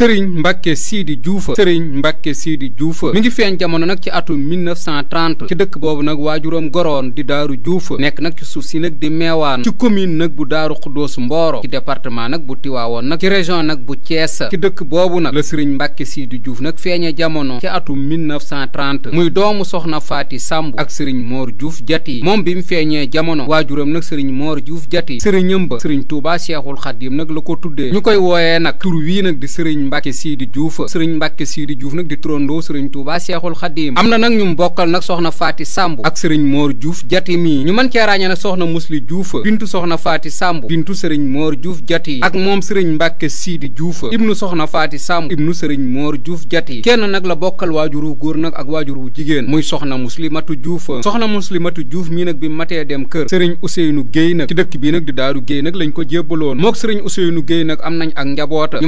sëriñ Mbacke Sidi Diouf sëriñ Mbacke Sidi Diouf mi ngi feeñ jamono nag ci atum 1930 ci dëkk boobu nag waajuram goroon di Daaru Diouf nekk nag ci suuf si nag di meewaan ci commune nag bu Daaru Xuddoos Mboro ci département nag bu Tiwaawoon nag ci région nag bu Thiès ci dëkk boobu nag la sëriñ Mbacke Sidi Diouf nag feeñee jamono ci atum 1930 muy doomu soxna Faati Samb ak sëriñ Mor Diouf Jati moom bi mu feeñee jamono waajuram nag sëriñ Mor Diouf Jati sëriñam ba sëriñ Touba Cheikhul Khadim nag la ko tuddee ñu koy wooyee sëriñ Mbacke Sidi Diouf sëriñ Mbacke Sidi Diouf nag di turandoo sëriñ Touba Seexul Xadim am na nag ñu bokkal nag soxna Faati Samb ak sëriñ Mor Diouf Jati mi ñu mën cee ràññee nag soxna Musli Diouf bintu soxna Faati Samb bintu sëriñ Mor Diouf Jati ak moom sëriñ Mbacke Sidi Diouf ibnu soxna Faati Samb ibnu sëriñ Mor Diouf Jati kenn nag la bokkal waajuru góor nag ak waajuru jigéen muy soxna Muslimatu Diouf soxna Muslimatu Diouf mii nag bi matee dem kër sëriñ Ousseynou Guèye nag ci dëkk bii nag di Daaru Guèye nag lañ ko jébbaloon mook sëriñ Ousseynou Guèye nag am nañ ak njaboota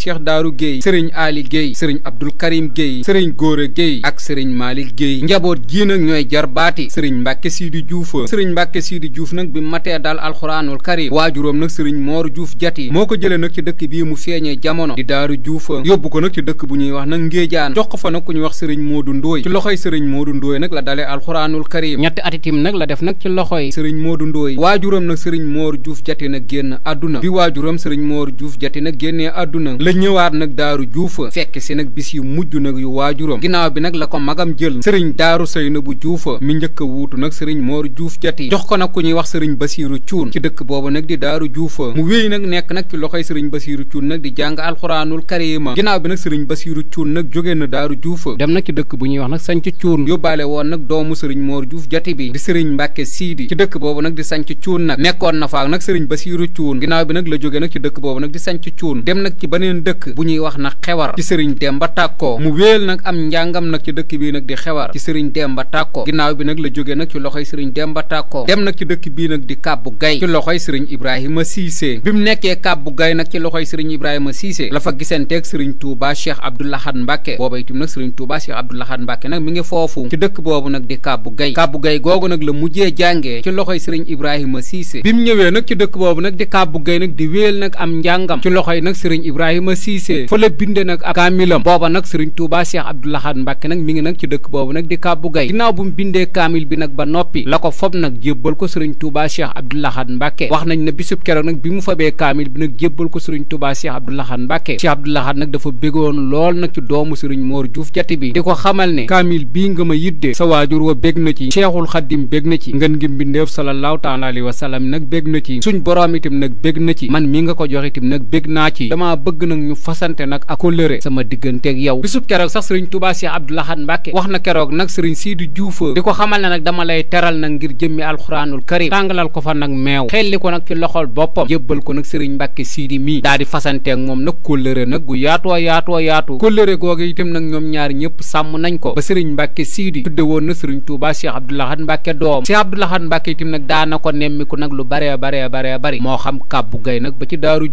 Cheikh Daaru Guèye sëriñ Ali Guèye sëriñ Abdul Karim Guèye sëriñ Góora Guèye ak sëriñ Malick Guèye njaboot gii nag ñooy jarbaati sëriñ Mbàkke Sidi Diouf sëriñ Mbàkke Sidi Diouf nag bi matee daal alxuraanul karim waajuróom nag sëriñ Moor Diouf Jati moo ko jëlee nag ci dëkk bii mu feeñee jamono di Daaru Diouf yóbbu ko nag ci dëkk bu ñuy wax nag Ngéejaan jox ko fa nag ku ñu wax sëriñ Moodu Ndooy ci loxoy sëriñ Moodu Ndooy nag la dalee alxuraanul karim ñetti atitim nag la def nag ci loxoy sëriñ Moodu Ndooy waajuróom nag sëriñ Moor Diouf Jati nag génn àdduna bi waajuróom sëriñ Moor Diouf Jati nag génnee àdduna la ñëwaat nag daaru juufa fekk si nag bis yu mujj nag yu waajuram ginnaaw bi nag la ko magam jël sëriñ daaru Saynabu juufa mi njëkk wuutu nag sëriñ Mor Juuf Jati jox ko nag ku ñuy wax sëriñ Basiiru Cuun ci dëkk boobu nag di daaru juufa mu wéy nag nekk nag ci loxoy sëriñ Basiiru Cuun nag di jàng alxuraanul karima ginnaaw bi nag sëriñ Basiiru Cuun nag jógee na daaru juufa dem nag ci dëkk bu ñuy wax nag sanc cuun yóbbaale woon nag doomu sëriñ Mor Juuf Jati bi di sëriñ Mbàkke Siidi ci dëkk boobu nag di sanc cuun nag nekkoon na faak nag sëriñ Basiiru Cuun ginnaaw bi nag la jóge nag ci dëkk boobu nag di sanc cuun dem nag ci baneen beneen dëkk bu ñuy wax nag xewar ci sëriñ Demba Tàkko mu wéel nag am njàngam nag ci dëkk bii nag di xewar ci sëriñ ba Tàkko ginnaaw bi nag la jóge nag ci loxoy sëriñ Demba Tàkko dem nag ci dëkk bii nag di Kàbbu Gay ci loxoy sëriñ Ibrahima Cissé bi mu nekkee Kàbbu Gay nag ci loxoy sëriñ Ibrahima Cissé la fa gisanteeg sëriñ Touba Cheikh Abdou Lahad Mbacke booba itam nag sëriñ Touba Cheikh Abdou Lahad Mbacke nag mi ngi foofu dëkk boobu nag di Kàbbu Gay Kàbbu Gay googu nag la mujjee jàngee ci loxoy sëriñ Ibrahima Cissé bi mu ñëwee nag ci dëkk boobu nag di Kàbbu Gay nag di wéel nag am njàngam ci loxoy nag sëriñ Ibrahima Ibrahima Cissé fa la binde nag ab kaamilam booba nag sëriñ Touba Cheikh Abdou Lahad nag mi ngi nag ci dëkk boobu nag di Kabou Gaye ginnaaw bu mu bindee kaamil bi nag ba noppi la ko fob nag jébbal ko sëriñ Touba Cheikh Abdou Lahad Mbacke wax nañ ne bisub keroog nag bi mu fabee kaamil bi nag jébbal ko sëriñ Touba Cheikh Abdou Lahad Mbacke nag dafa bégoon lool nag ci doomu sëriñ moor juuf jati bi di ko xamal ne kaamil bii nga ma yiddee sa waajur wa bég na ci Cheikhul Khadim bég na ci ngën ngi mbindeef sallallahu taala alayhi wa sallam nag bég na ci suñ boroom itam nag bég na ci man mi nga ko jox itam nag bég naa ci dama bëgg nag nag ñu fasante nag ak kóllëre sama digganteeg yow bisub keroog sax sëriñ Touba Cheikh Abdou Lahad Mbacke wax na keroog nag sëriñ Sidi Diouf di ko xamal ne nag dama lay teral nag ngir jëmmi alxuraanul karim tàngalal ko fa nag meew xelli ko nag ci loxol boppam yébbal ko nag sëriñ Mbacke Sidi mii daa di fasanteeg moom nag kóllëre nag gu yaatuwa yaatuwa yaatu kóllëre googu itam nag ñoom ñaar ñëpp sàmm nañ ko ba sëriñ Mbacke Sidi tudde woon na sëriñ Touba Cheikh Abdou Lahad Mbacke doom Cheikh Abdou Lahad Mbacke itam nag daana ko nemmiku nag lu bare bare bare bari moo xam kàbbu gay nag ba ci daaru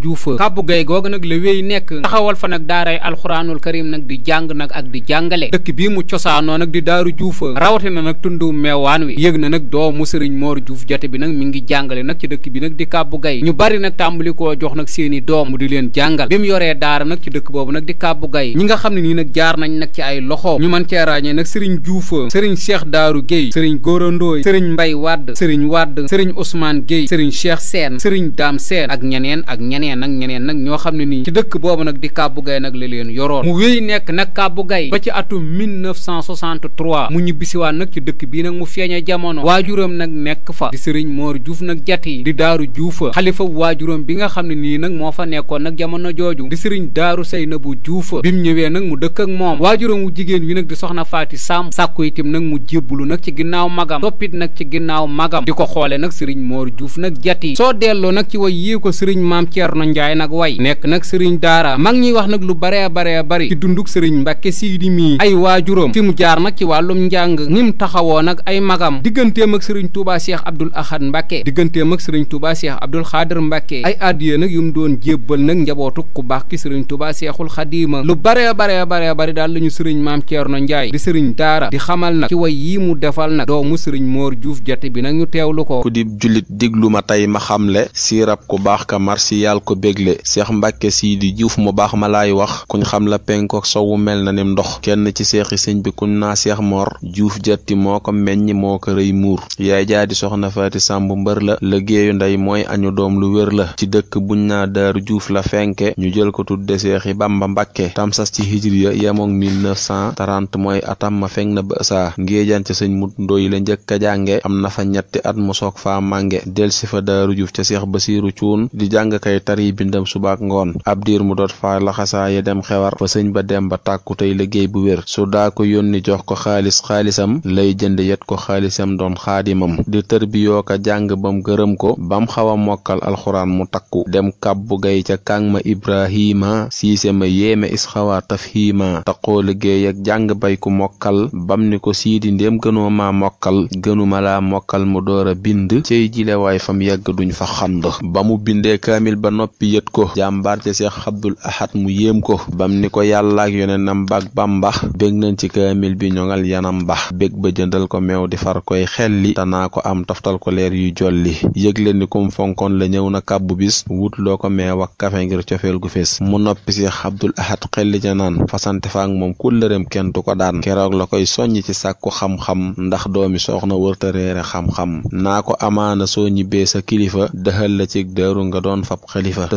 nekk taxawal fa nag daaray alxuraanul karim nag di jàng nag ak di jàngale dëkk bii mu cosaanoo nag di daaru juufa rawatina nag tundu meewaan wi yëg na nag doomu sëriñ moor juuf jate bi nag mi ngi jàngale nag ci dëkk bi nag di kàbbu gay ñu bari nag tàmbali koo jox nag seeni doom di leen jàngal bi mu yoree daara nag ci dëkk boobu nag di kàbbu gay ñi nga xam ne nii nag jaar nañ nag ci ay loxo ñu mën cee ràññee nag sëriñ juufa sëriñ cheikh daaru géey sëriñ góorandooy sëriñ mbay wadd sëriñ wadd sëriñ ousmane géey sëriñ cheikh seen sëriñ daam seen ak ñeneen ak ñeneen nag ñoo dëkk boobu nag di kàbbu gay nag li leen yoroon mu wéy nekk nag kàbbu gay ba ci atum 1963 mu ñibbisiwaan nag ci dëkk bii nag mu feeñe jamono waajuram nag nekk fa di sëriñ Moor Juuf nag jati di daaru juufa xalifa waajuram bi nga xam ne nii nag moo fa nekkoon nag jamono jooju di sëriñ daaru Saynabu Juufa bi mu ñëwee nag mu dëkk ak moom waajuram jigéen wi nag di soxna Faati Sàmm sàkku itam nag mu jébbulu nag ci ginnaaw magam toppit nag ci ginnaaw magam di ko xoole nag sëriñ Moor Juuf nag jati soo delloo nag ci way yii ko sëriñ maam Ceerno Njaay nag way nekk nag sëriñ daara mag ñi wax nag lu bare bare bari ci dunduk sëriñ Mbàkke Siidi mii ay waajuram fi mu jaar nag ci wàllum njàng ni mu taxawoon ay magam digganteem ak sëriñ Touba Cheikh Abdoul Ahad Mbàkke digganteem ak sëriñ Touba Cheikh Abdoul Xaadir Mbàkke ay addiye nag yu mu doon jébbal nag njabootu ku baax ki sëriñ Touba Cheikhul Xadima lu bare bare bare bari daal la ñu sëriñ Maam Ceerno Njaay di sëriñ daara di xamal nag ci way yi mu defal nag doomu sëriñ Moor Juuf Jate bi nag ñu teewlu ko ku di jullit diglu ma tey ma xamle siirab ku baax ka marsiyaal ko bégle Cheikh Mbàkke Siidi juuf mu baax ma laay wax kuñ xam la penkook sowu mel na nim ndox kenn ci seexi sëñ bi kuñ naa seex mor juuf jatti moo ko meññ moo ko rëy muur yaay jaadi soxna faati sàmb mbër la liggéeyu ndey mooy añu doom lu wér la ci dëkk bu buñ naa daaru juuf la fenke ñu jël ko tudde seexi bamba mbàkke tamsas ci hijriya yemoog 1930 mooy atam ma feng na ba saa ngéejaan ca sëñ mut ndooy la njëkk jànge am na fa ñetti at mu soog faa mànge del si fa daaru juuf ca seex basiiru cuun di jàng kay bindam subaak ngoon ab mu dot faa laxasaaya dem xewar fa sëñ ba dem ba tàkku tey liggéey bu wér su daa ko yónni jox ko xaalis xaalisam lay jënd yet ko xaalisam doon xaadimam di tërbiyoo ka jàng bam gërëm ko bam xaw a mokkal alxuraan mu takku dem kàbbu gay ca kàng ma ibrahima siise ma yéeme isxawaa tafhima taqoo liggéey ak jàng bay ku mokkal bam ni ko siidi ndéem gënoo maa mokkal gënuma la mokkal mu door a bind cey jilewaay fam yegg duñ fa xand ba mu bindee kaamil ba noppi abdul ahad mu yéem ko bam ni ko yàlla ak yonenam bak bamba bég nañ ci kaamil bi ñoŋal yanam ba bég ba jëndal ko meew di far koy xelli naa ko am toftal ko leer yu jolli yëgle ni kum fonkoon la ñëw na kàbbu bis wut loo ko meew ak kafe ngir cofeel gu fees mu noppi si abdul ahad xelli ca naan fasante faak moom kullëreem kenn du ko daan keroog la koy soññ ci sàkku xam-xam ndax doomi soxna wërta réere xam-xam naa ko amaana soo ñibbee sa kilifa dëxal la ci dëru nga doon fab xalifa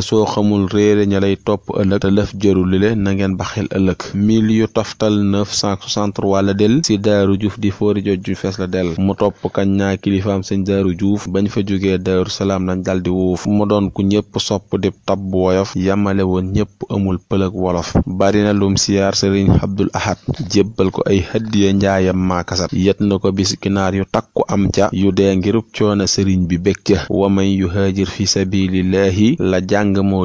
topp ëllëg te lëf jërul li le na ngeen baxil ëllëg mil yu toftal 963 la del si daaru juuf di foori joj ju fees la del mu topp kañ naa kilifaam sëñ daaru juuf bañ fa jógee daaru salaam lañ dal di wuuf mu doon ku ñëpp sopp di tab woyof yamale woon ñëpp amul pëlëg wolof bari siyaar sëriñ abdul ahad jébbal ko ay hëddiya njaayam maakasat yet na ko bis ginaar yu takku am ca yu dee ngirub coono sëriñ bi bég ca waman yu haajir fi sabilillahi la jàng moo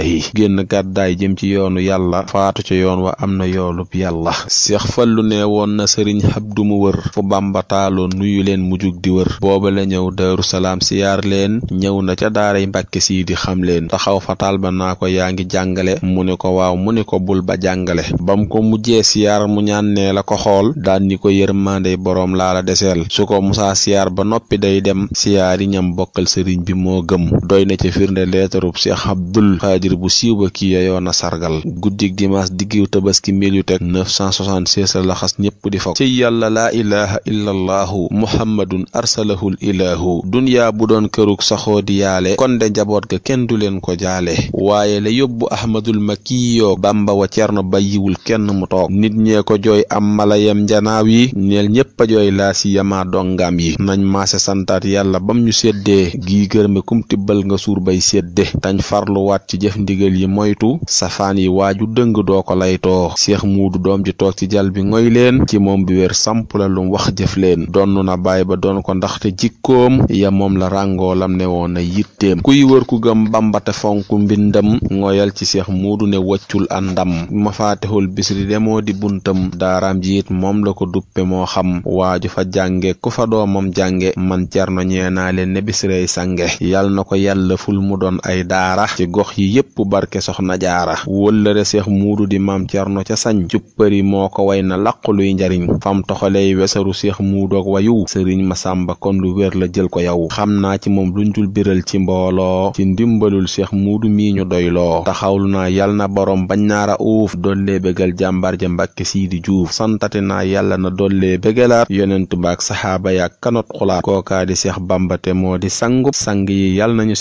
sabilillahi génn gàddaay jëm ci yoonu yàlla faatu ca yoon wa am na yoolub yàlla seex fallu ne woon na sëriñ xabdu mu wër fu bàmba taaloon nuyu leen mujug di wër booba la ñëw daaru salaam siyaar leen ñëw na ca daaray mbàkke sii di xam leen taxaw fataal ba naa ko yaa ngi jàngale mu ne ko waaw mu ne ko bul ba jàngale ba mu ko mujjee siyaar mu ñaan nee la ko xool daan ni ko yërmandey boroom laa la deseel su ko musaa siyaar ba noppi day dem siyaari ñam bokkal sëriñ bi moo gëm doy na ca firnde leetarub seex abdul xaadir bu siiw ba ki yeyoo na sargal guddik dimanche diggiw tabaski mil yu teg 976 la laxas ñépp di fokk ci yàlla laa ilaha illa allahu arsalahul ilahu duniyaa bu doon kërug saxoo di yaale kon de njaboot ga kenn du leen ko jaale waaye la yóbbu ahmadul makki yoo bàmba wa cerno bàyyiwul kenn mu toog nit ñee ko jooy am malayam njanaaw yi ñeel ñépp a jooy laa si yamaa dongam yi nañ maase santaat yàlla bam ñu séddee gii gërëme kum tibbal nga suur bay sédde tañ farluwaat def ndigal yi moytu safaan yi waaju dëng doo ko laytoo seex muudu doom ji toog ci jal bi ngoy leen ci moom bi wér samp la lum wax jëf leen donn na baay ba doon ko te jikkoom ya moom la ràngoo lam ne woon na yitteem kuy wër ku gëm bamba te fonk mbindam ngoyal ci seex muudu ne wëccul àndam mafaatixul bisri demoo di buntam daaraam ji moom la ko duppe moo xam waaju fa jànge ku fa doomam jànge man cerno ñee naa leen ne bisrey sange yal na ko yàlla yépp barke soxna jaara wóllëre seex muudu di maam cerno ca sañ cuppari moo ko way na làqu luy njariñ fam toxaley wesaru seex muudoog wayu sëriñ sàmba kon lu wér la jël ko yow xam naa ci moom luñ dul biral ci mbooloo ci ndimbalul seex muudu mii ñu doyloo taxawlu naa yal na borom bañ naara uuf dollee bégal jàmbar ja mbàkke siidi juuf santati naa yàlla na dollee bégalaat yonentu baak saxaaba yaak kanot xulaat kookaa seex bàmbate moo di sangub sang yi yal nañu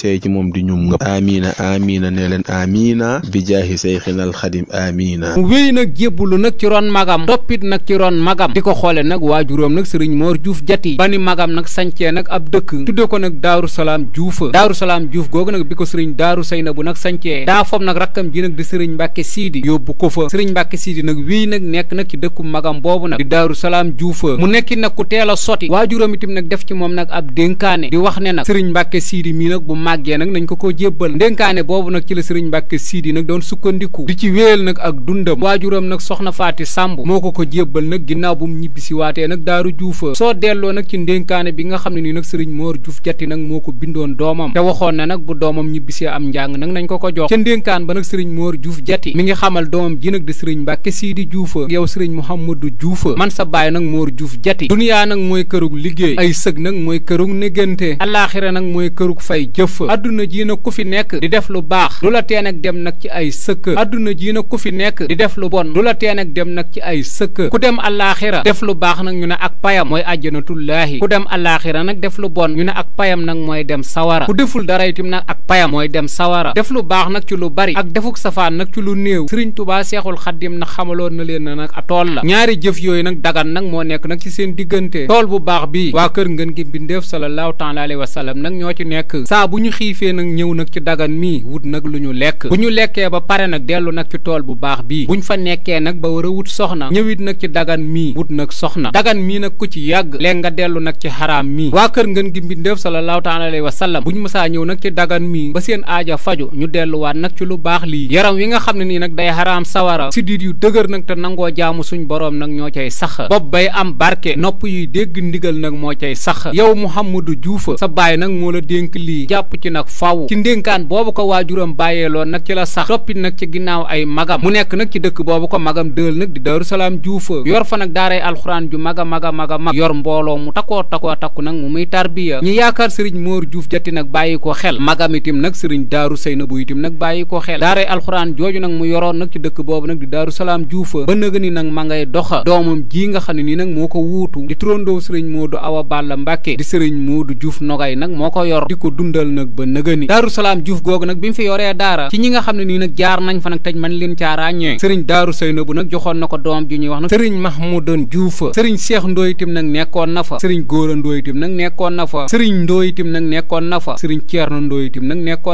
ne leen amina bi jaahi seyxina alxadim amina mu wéy nag jébbalu nag ci ron magam toppit nag ci ron magam di ko xoole nag waajuróom nag sëriñ moor juuf jati bani magam nag sancee nag ab dëkk tudde ko nag daaru salaam juufa daaru salaam juuf googu nag bi ko sëriñ daaru say na bu nag sancee daa fob nag rakkam ji nag di sëriñ mbàkke siidi yóbbu ko fa sëriñ mbàkke siidi nag wéy nag nekk nag ci dëkku magam boobu nag di salaam juufa mu nekki nag ku teel a soti waajuróom itam nag def ci moom nag ab dénkaane wax ne nag sëriñ mbàkke siidi mii nag bu màggee nag nañ ko nag ci la sëriñ Mbàkke Siidi nag doon sukkandiku di ci wéyal nag ak dundam waajuram nag soxna Faati Sàmb moo ko ko jébbal nag ginnaaw bu mu ñibbisi waatee nag daaru juufa soo delloo nag ci ndénkaane bi nga xam ne nii nag sëriñ Moor Juuf Jatti nag moo ko bindoon doomam te waxoon na nag bu doomam ñibbisee am njàng nag nañ ko ko jox ca ndénkaan ba nag sëriñ Moor Juuf Jatti mi ngi xamal doomam ji nag di sëriñ Mbàkke Siidi Juufa yow sëriñ Mouhamadou Juufa man sa baay nag Moor Juuf Jatti duniyaa nag mooy kërug liggéey ay sëg nag mooy kërug négante alaaxira nag mooy kërug fay jëf adduna ji nag ku fi nekk di def lu baax lu la tee nag dem nag ci ay sëkk adduna ji nag ku fi nekk di def lu bon lu la tee nag dem nag ci ay sëkk ku dem allaaxira def lu baax nag ñu ne ak payam mooy àjjanatullaahi ku dem allaaxira nag def lu bon ñu ne ak payam nag mooy dem sawara ku deful dara itam nag ak payam mooy dem sawara def lu baax nag ci lu bari ak defuk safaan nag ci lu néew sëriñ tubaa seexul xaddim na xamaloon na leen na nag tool la ñaari jëf yooyu nag dagan nag moo nekk nag ci seen diggante tool bu baax bii waa kër ngeen gi mbindeef salallaahu taala alayhi wa sallam nag ñoo ci nekk saa bu ñu xiifee nag ñëw nag ci dagan mii wut nag lu ñu lekk bu ñu lekkee ba pare nag dellu nag ci tool bu baax bii buñ fa nekkee nag ba war a wut soxna ñëwit nag ci dagan mii wut nag soxna dagan mii nag ku ci yàgg léegi nga dellu nag ci xaraam mii waa kër ngeen gi mbindéef sallallahu taala alayhi wa sallam buñ mësaa ñëw nag ci dagan mii ba seen aaja faju ñu delluwaat nag ci lu baax lii yaram wi nga xam ne nii nag day xaraam sawara siddiit yu dëgër nag te nangoo jaamu suñu boroom nag ñoo cay sax bopp bay am barke nopp yuy dégg ndigal nag moo cay sax yow Mouhamadou Diouf sa baay nag moo nag faw ci bàyyee loon nag ci la sax toppit nag ci ginnaaw ay magam mu nekk nag ci dëkk boobu ko magam dël nag di daaru salaam juufa yor fa nag daaray alxuraan ju maga maga maga mag yor mbooloo mu takkoo takkoo takku nag mu muy tarbiya ñi yaakaar sëriñ Mor Juuf jatti nag bàyyi ko xel magam itim nag sëriñ daaru Saynabu itim nag bàyyi ko xel daaray alxuraan jooju nag mu yoroon nag ci dëkk boobu nag di daaru salaam juufa ba nëga ni nag ma ngay doxa doomam ji nga xam ne nii nag moo ko wuutu di turandoo sëriñ Moodu Awa Balla Mbàkke di sëriñ Moodu Juuf Nogay nag moo ko yor di ko dundal nag ba nëga ni juuf googu nag bi mu fi yoree ca daara ci ñi nga xam ne nii nag jaar nañ fa nag tej man leen caa ràññee sëriñ daaru Saynabu nag joxoon na ko doom ju ñuy wax nag sëriñ Mahmoudan Diouf sëriñ Cheikh Ndoye itam nag na fa sëriñ Góora Ndoye itam nag nekkoon na fa sëriñ Ndoye na fa sëriñ Ceerno Ndoye itam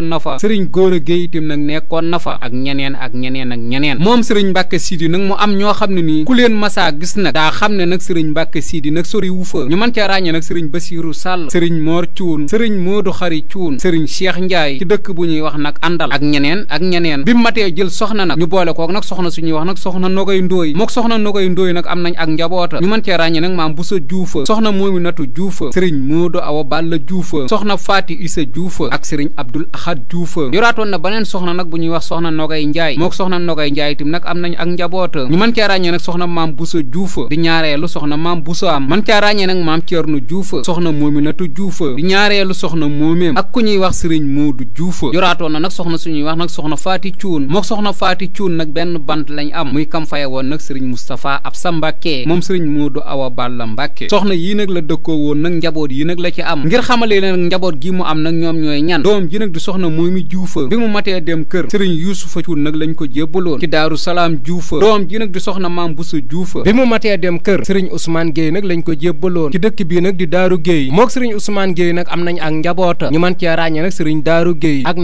na fa sëriñ Góora Géey nag nekkoon na fa ak ñeneen ak ñeneen ak ñeneen moom sëriñ Mbàkke Sidi nag mu am ñoo xam ne nii ku leen masaa gis nag daa xam ne nag sëriñ Mbàkke Sidi nag sori wu nag sëriñ Basiiru Sàll sëriñ Moor Cuun sëriñ Moodu Xari Cuun sëriñ Cheikh Njaay ci dëkk bu ñuy wax nag àndal Fall ak ñeneen ak ñeneen bi mu matee jël soxna nag ñu boole kook nag soxna suñuy wax nag soxna nogay ndóoy mook soxna nogay ndóoy nag am nañ ak njaboota ñu mën cee ràññee nag maam Busa Juufa soxna moomi natu Juufa sëriñ Moodu Awa Balla Juufa soxna Faati Isa Juufa ak sëriñ Abdul Ahad Juufa yoraatoon na beneen soxna nag bu ñuy wax soxna nogay Njaay mook soxna nogay Njaay tim nag am nañ ak njaboota ñu mën cee ràññee nag soxna maam Busa Juufa di ñaareelu soxna maam Busa am mën cee ràññee nag maam Ceernu Juufa soxna moomi natu Juufa di ñaareelu soxna moomeem ak ku ñuy wax sëriñ Moodu Juufa yoraatoon soxna suñuy wax nag soxna faati cuun mook soxna faati cuun nag benn bant lañ am muy kam faye woon nag sëriñ moustapha absa mbàkke moom sëriñ moodu awa balla mbàkke soxna yii nag la dëkkoo woon nag njaboot yi nag la ci am ngir xamale leen njaboot gi mu am nag ñoom ñooy ñan doom ji nag di soxna moomi juufa bi mu matee dem kër sëriñ yuusufa cuun nag lañ ko jébbaloon ci daaru salaam juufa doom ji nag di soxna maam busa juufa bi mu matee dem kër sëriñ ousmane géey nag lañ ko jébbaloon ci dëkk bii nag di daaru géey mook sëriñ ousmane géey nag am nañ ak njaboota ñu man cee ràññe nag sëriñ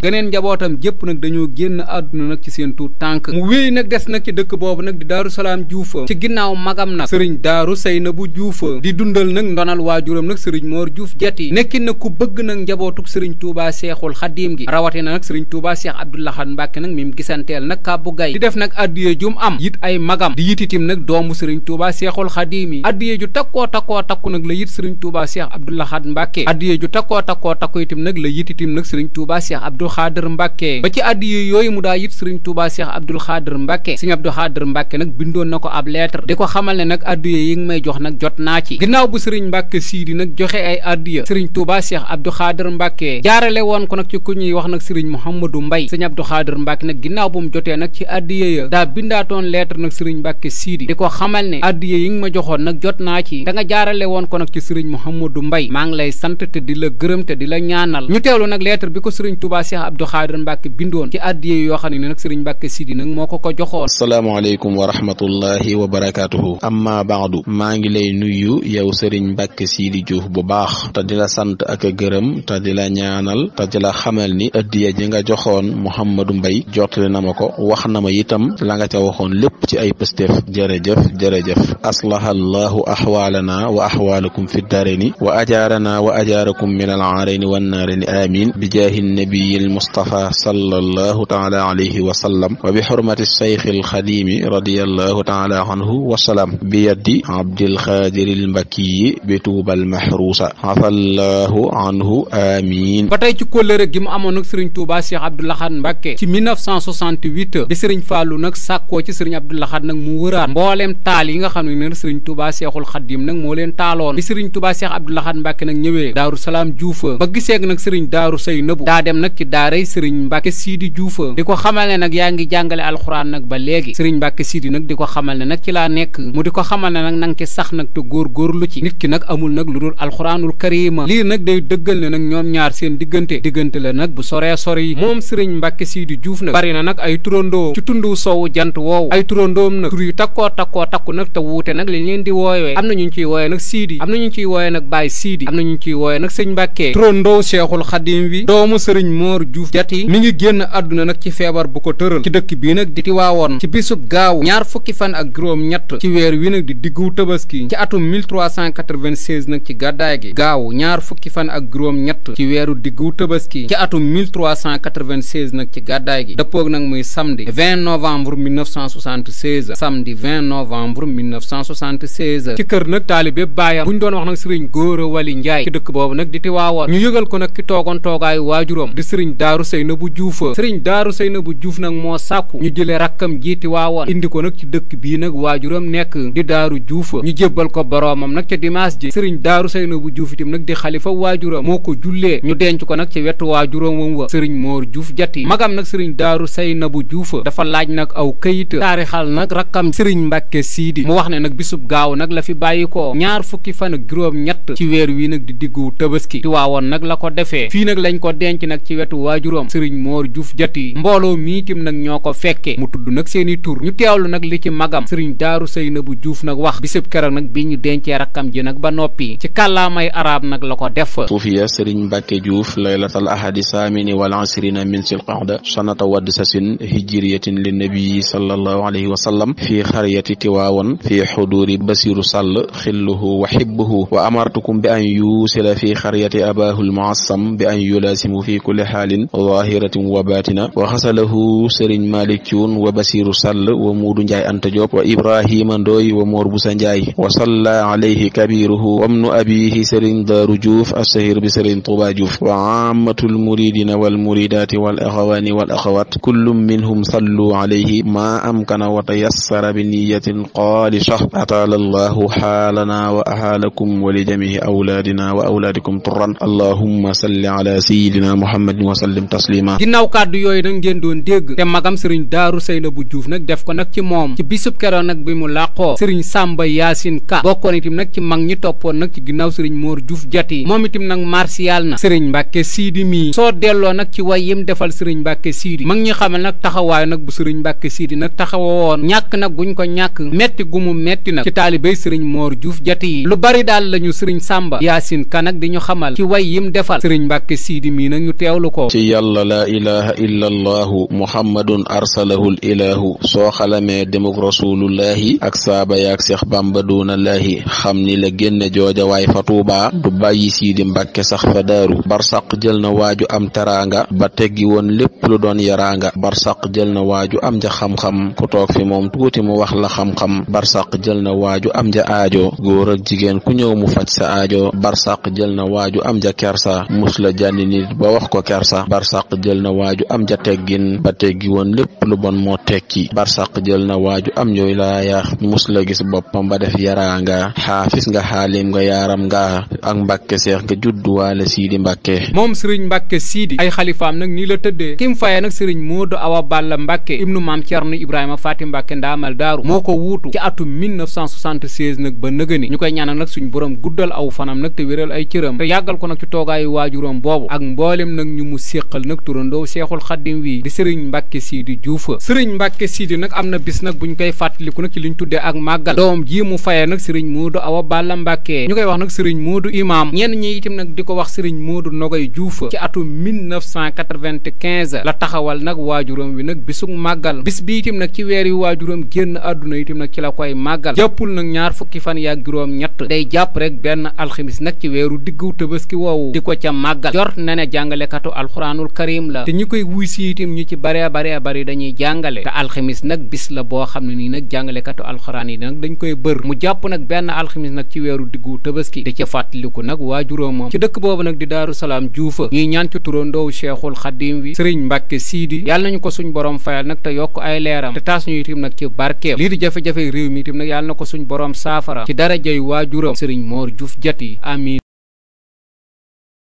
njabootam geneen njabootam jëpp nag dañoo génn àdduna nag ci seen tuut tànk mu wéy nag des nag ci dëkk boobu nag di daaru salaam juuf ci ginnaaw magam nag sëriñ daaru bu juuf di dundal nag ndonal waajuram nag sëriñ moor juuf jati nekkin nag ku bëgg nag njabootuk sëriñ tuubaa seexul xadiim gi rawatina nag sëriñ tuubaa seex abdulaxat mbàkke nag mi mu gisanteel nag kàbbu gay di def nag addiye jum am yit ay magam di yititim nag doomu sëriñ tuubaa seexul xadiim yi addiye ju takkoo takkoo takku nag la yit sëriñ tuubaa seex abdulaxat mbàkke addiye ju takkoo takkoo takku itim nag la yititim nag sëriñ tuubaa seex Abdou Khader Mbacke ba ci addiya yooyu mu daa yit Serigne Touba Cheikh Abdoul Khader Mbacke Serigne Abdou Khader Mbacke nag bindoon na ko ab lettre di ko xamal ne nag addiya yi nga may jox nag jot naa ci ginnaaw bu Serigne Mbacke Sidi nag joxe ay addiya Serigne Touba Cheikh Abdou Khader Mbacke jaarale woon ko nag ci ku ñuy wax nag Serigne Mouhamadou Mbaye Serigne Abdou Khader Mbacke nag ginnaaw bu mu jotee nag ci addiya ya daa bindaatoon lettre nag Serigne Mbacke Sidi di ko xamal ne addiya yi nga ma joxoon nag jot naa ci da jaarale woon ko nag ci Serigne Mouhamadou Mbaye maa ngi lay sant te di la gërëm te Cheikh Abdou Khadir Mbacke bindoon ci addiye yoo xam ne nag sëriñ Mbacke Sidi nag moo ko ko joxoon asalaamaaleykum wa rahmatullahi wa barakaatuhu amma baadu maa ngi lay nuyu yow sëriñ Mbacke Sidi Diouf bu baax ta di la sant ak gërëm ta di la ñaanal te di la xamal ni addiye ji nga joxoon Mouhamadou Mbaye jottali na ma ko wax na ma itam la nga ca waxoon lépp ci ay pëstef jërëjëf jërëjëf aslahallahu axwaalana wa axwaalakum fi daareni wa ajaarana wa ajaarakum المصطفى صلى الله تعالى عليه وسلم وبحرمة الشيخ الخديم رضي الله تعالى عنه وسلم بيد عبد الخادر المكي بتوبة المحروسة عفى الله عنه آمين ba tey ci kóllëre gi mu amoon nag sëriñ Touba Cheikh Abdou Lahad Mbacké ci 1968 bi sëriñ Fallou nag sàkkoo ci sëriñ Abdou Lahad nag mu wëraat mbooleem taal yi nga xam ne nag sëriñ Touba Cheikhul Khadim nag moo leen taaloon bi sëriñ Touba Cheikh Abdou Lahad Mbacké nag ñëwee Daaru Salaam Juufa ba nag sëriñ Daaru Say Nëbu daa nag ci daaray sëriñ Mbacke Sidi Diouf di ko xamal ne nag yaa ngi jàngale alxuraan nag ba léegi sëriñ Mbacke Sidi nag di ko xamal ne nak ci laa nekk mu di ko xamal ne nag na ci sax nag te góorgóorlu ci nit ki nag amul nag lu dul alxuraanul karima lii nag day dëggal ne nag ñoom ñaar seen diggante diggante la nag bu soree sori moom sëriñ Mbacke Sidi juuf nag bari na nag ay turandoo ci tundu soowu jant woowu ay turandoom nag tur yu takkoo takkoo takku nag te wuute nag li leen di wooyee am na ñu ciy wooyee nag Sidi am na ñu ciy nag Baye Sidi am na ciy wooyee nag sëñ Mbacke turandoo Cheikhul Omar Diouf Diatty mi ngi génn àdduna nag ci feebar bu ko tëral ci dëkk bii nag di Tiwaawoon ci bisub gaaw ñaar fukki fan ak juróom ñett ci weer wi nag di diggu tabaski ci atum nag ci gàddaay gi gaaw ñaar fukki fan ak juróom ñett ci weeru diggu tabaski ci atum 1396 nag ci gàddaay gi dëppoog nag muy samedi 20 novembre 1976 novembre 1976 ci kër nag taalibe baayam bu ñu doon wax nag sëriñ Góora Wali Njaay ci dëkk boobu nag di Tiwaawoon ñu yëgal ko nag ki toogoon toogaayu waajuram di sëriñ sëriñ daaru bu Diouf sëriñ daaru na bu juuf nag moo sàkku ñu jële rakkam jiiti waawoon indi ko nag ci dëkk bii nag waajuram nekk di daaru Diouf ñu jébbal ko boroomam nag ca dimanche ji sëriñ daaru Seynabou Diouf itam nag di xalifa waajuram moo ko jullee ñu denc ko nag ci wetu waajuram wa sëriñ Mor Diouf jati magam nag sëriñ daaru na bu Diouf dafa laaj nag aw këyit taarixal nag rakkam sëriñ Mbàkke Siidi mu wax ne nag bisub gaaw nag la fi bàyyi ko ñaar fukki fan ak juróom ñett weer wi nag di diggu Tabaski Tiwaawoon nag la ko defee nag ci wetu wetu waajuram sëriñ moor juuf jati mbooloo mii tim nag ñoo ko fekke mu tudd nag seeni tur ñu teewlu nag li ci magam sëriñ daaru bu juuf nag wax bisib keroog nag bi ñu dencee rakkam ji nag ba noppi ci kàllaamay araab nag la ko def tuufiya sëriñ mbàkke juuf laylatal ahadi saamini wal asrina min silqaxda sanata wadd sasin hijriyatin li nabii sallallahu alayhi wa sallam fi xariyati tiwaawan fi xuduuri basiru sàll xilluhu wa xibbuhu wa amartukum bi an yuusila fi xariyati abahul muassam bi an yulaasimu fi kulli xaal afaalin zahiratin wa batina wa xasalahu sëriñ malik cuun wa basiru sàll wa muudu njaay anta diop wa ibrahima ndooy wa moor busa njaay wa salla alayhi kabiruhu wamnu abihi sëriñ daaru diouf assahir bi sëriñ tuuba diouf wa aammatul muridina wal muridaati wal axawaani wal axawaat kullum minhum sallu alayhi ma amkana wa tayassara bi niyatin xaalisa ataala allahu xaalana wa axaalakum wa li jamihi awlaadina wa awlaadikum turran allahumma salli ala sayyidina muhammad wa sallim taslima ginnaaw kàddu yooyu nag ngeen doon dégg te magam sëriñ daaru Seynabou Diouf nag def ko nag ci moom ci bisub keroog nag bi mu làqoo sëriñ Samba Yaasin Ka bokkoon itam nag ci mag ñi toppoon nag ci ginnaaw sëriñ Mor Diouf Jati moom itam nag martial na sëriñ Mbàkke Siidi mii soo delloo nag ci way yim defal sëriñ Mbàkke Siidi mag ñi xamal nag taxawaayu nag sëriñ Mbàkke Siidi nag taxawoon ñàkk nag guñ ko ñàkk sëriñ Mor Diouf Jati yi lu bari daal la ñu sëriñ Samba Yaasin Ka nag di ñu xamal ci way yim defal sëriñ Mbàkke ko ci yàlla laa ilaha illa allahu muhammadun arsalahul ilahu soo xalamee demuk rasulullahi ak saaba yaak seex bamba duunallaahi xam ni la génne jooja waay fa tuubaa du bàyyi siidi mbàkke sax fa daaru barsaq jël na waaju am teraanga ba teggi woon lépp lu doon yaraanga barsaq jël na waaju am ja xam-xam ku toog fi moom tuuti mu wax la xam-xam barsaq jël na waaju am ja aajo góor ak jigéen ku ñëw mu faj sa aajo barsaq jël na waaju am ja kersa mus la jànni ba wax ko kersa barsax barsax jël na waaju am ja teggin ba teggi lépp lu bon moo tekki barsax jël na waaju am njooy laaya mus la gis boppam ba def yaraa nga xaafis nga xaalim nga yaaram nga ak mbàkke seex nga judduwaale siidi mbàkke moom sëriñ mbàkke siidi ay xalifaam nag nii la tëddee kim faye nag sëriñ moodu awa balla mbàkke ibnu maam cerno ibrahima faati mbàkke ndaamal daaru moo ko wuutu ci atum 1976 nag ba nëgëni ñu koy ñaanal nag suñ borom guddal aw fanam nag te wéral ay cëram te yàggal séqal nag turandoo seexul xaddim wi di sëriñ mbàkke siidi juuf sëriñ mbàkke siidi nag am na bis nag bu ñu koy fàttaliku nag ci li ñu tuddee ak màggal doom ji mu fayee nag sëriñ moodu awa bala mbàkke ñu koy wax nag sëriñ moodu imaam ñenn ñi itam nag di ko wax sëriñ moodu nogay juuf ci atum 1995 la taxawal nag waajuram wi nag bisug màggal bis bi itam nag ci weer yu waajuram génn àdduna itam nag ci la koy màggal jàppul nag ñaar fukki fan yaag juróom ñett day jàpp rek benn alximis nag ci weeru diggu tëbaski woowu di ko ca màggal jor na alxuraanul karim la te ñi koy wuy si itam ñu ci bare bare bari dañuy jàngale te alxamis nag bis la boo xam ne nii nag jàngalekatu alxuraan yi nag dañ koy bër mu jàpp nag benn alxamis nag ci weeru diggu tabaski di ca fàttaliku nag waajuróom moom ci dëkk boobu nag di daaru salaam juufa ñuy ñaan ci turandoow cheikhul xadim wi sëriñ mbàkke siidi yàlla nañu ko suñ borom fayal nag te yokk ay leeram te taas ñu itam nag ci barkeem lii di jafe-jafe réew itam nag yàlla na ko suñ borom saafara ci darajay waajuram sëriñ moor juuf jat yi amin